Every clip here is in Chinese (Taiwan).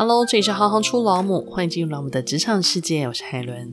哈嘍，Hello, 這裡是行行出老母，歡迎進入老母的職場世界。我是海倫，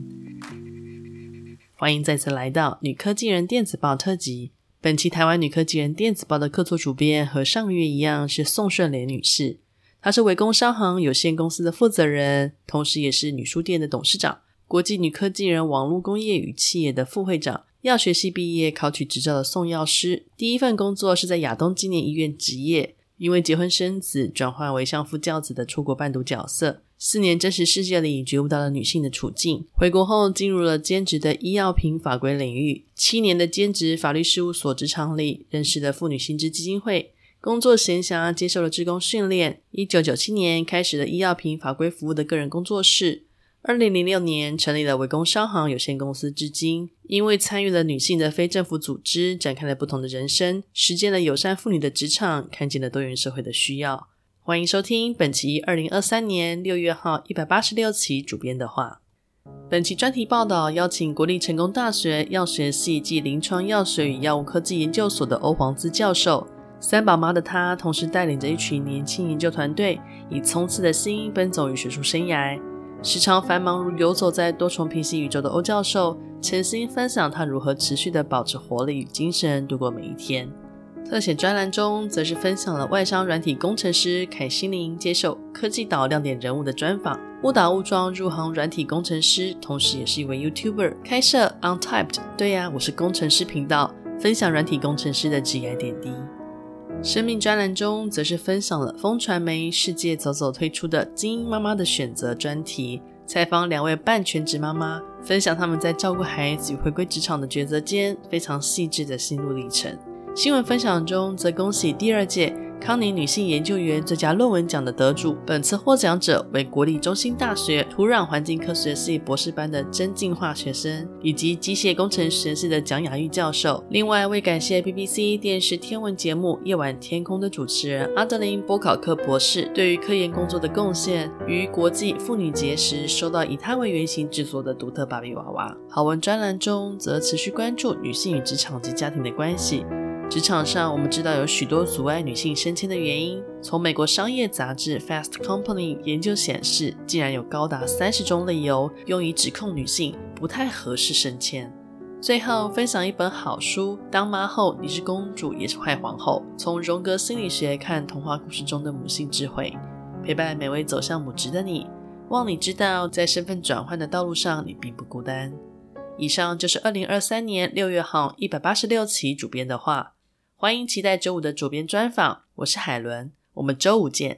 歡迎再次來到女科技人電子報特輯。本期台灣女科技人電子報的客座主編和上個月一樣是宋順蓮女士，她是維工商行有限公司的負責人，同時也是女書店的董事長，國際女科技人網絡工業與企業的副會長，藥學系畢業，考取執照的宋藥師。第一份工作是在亞東紀念醫院執業。因為結婚生子，轉換為相夫教子的出國伴讀角色。四年真實世界裡覺悟到了女性的處境。回國後進入了兼職的醫藥品法規領域。七年的兼職法律事務所職場裡認識了婦女新知基金會。工作閒暇接受了志工訓練。一九九七年開始了醫藥品法規服務的個人工作室。二零零六年成立了維工商行有限公司，至今因為參與了女性的非政府組織，展開了不同的人生，實踐了友善婦女的職場，看見了多元社會的需要。歡迎收聽本期二零二三年六月號一百八十六期主編的話。本期專題報道邀請國立成功大學藥學系暨臨床藥學與藥物科技研究所的歐皇姿教授，三寶媽的她，同時帶領着一群年輕研究團隊，以衝刺的心奔走於學術生涯。時常繁忙如游走在多重平行宇宙的歐教授，潛心分享他如何持續的保持活力與精神，度過每一天。特寫專欄中，則是分享了外商軟體工程師凱心琳接受科技島亮點人物的專訪。誤打誤撞入行軟體工程師，同時也是一位 YouTuber，開設 Untyped，對呀，我是工程師頻道，分享軟體工程師的職業點滴。生命專欄中，則是分享了風傳媒世界走走推出的《精英媽媽的選擇》專題，採訪兩位半全職媽媽，分享他們在照顧孩子與回歸職場的抉擇間非常細緻的心路歷程。新聞分享中，則恭喜第二屆。康寧女性研究員最佳論文獎的得主，本次獲獎者為國立中心大學土壤環境科學系博士班的曾進化學生，以及機械工程實驗室的蔣雅玉教授。另外，為感謝 BBC 電視天文節目《夜晚天空》的主持人阿德林波考克博士對於科研工作的貢獻，於國際婦女節時收到以她為原型製作的獨特芭比娃娃。好文專欄中則持續關注女性與職場及家庭的關係。職場上，我們知道有許多阻礙女性升遷的原因。從美國商業雜誌《Fast Company》研究顯示，竟然有高達三十種理由用於指控女性不太合適升遷。最後分享一本好書：《當媽後你是公主也是壞皇後》，從榮格心理學看童話故事中的母性智慧，陪伴每位走向母職的你。望你知道，在身份轉換的道路上，你並不孤單。以上就是二零二三年六月號一百八十六期主編的話。歡迎期待周五的主編專訪，我是海倫，我們周五見。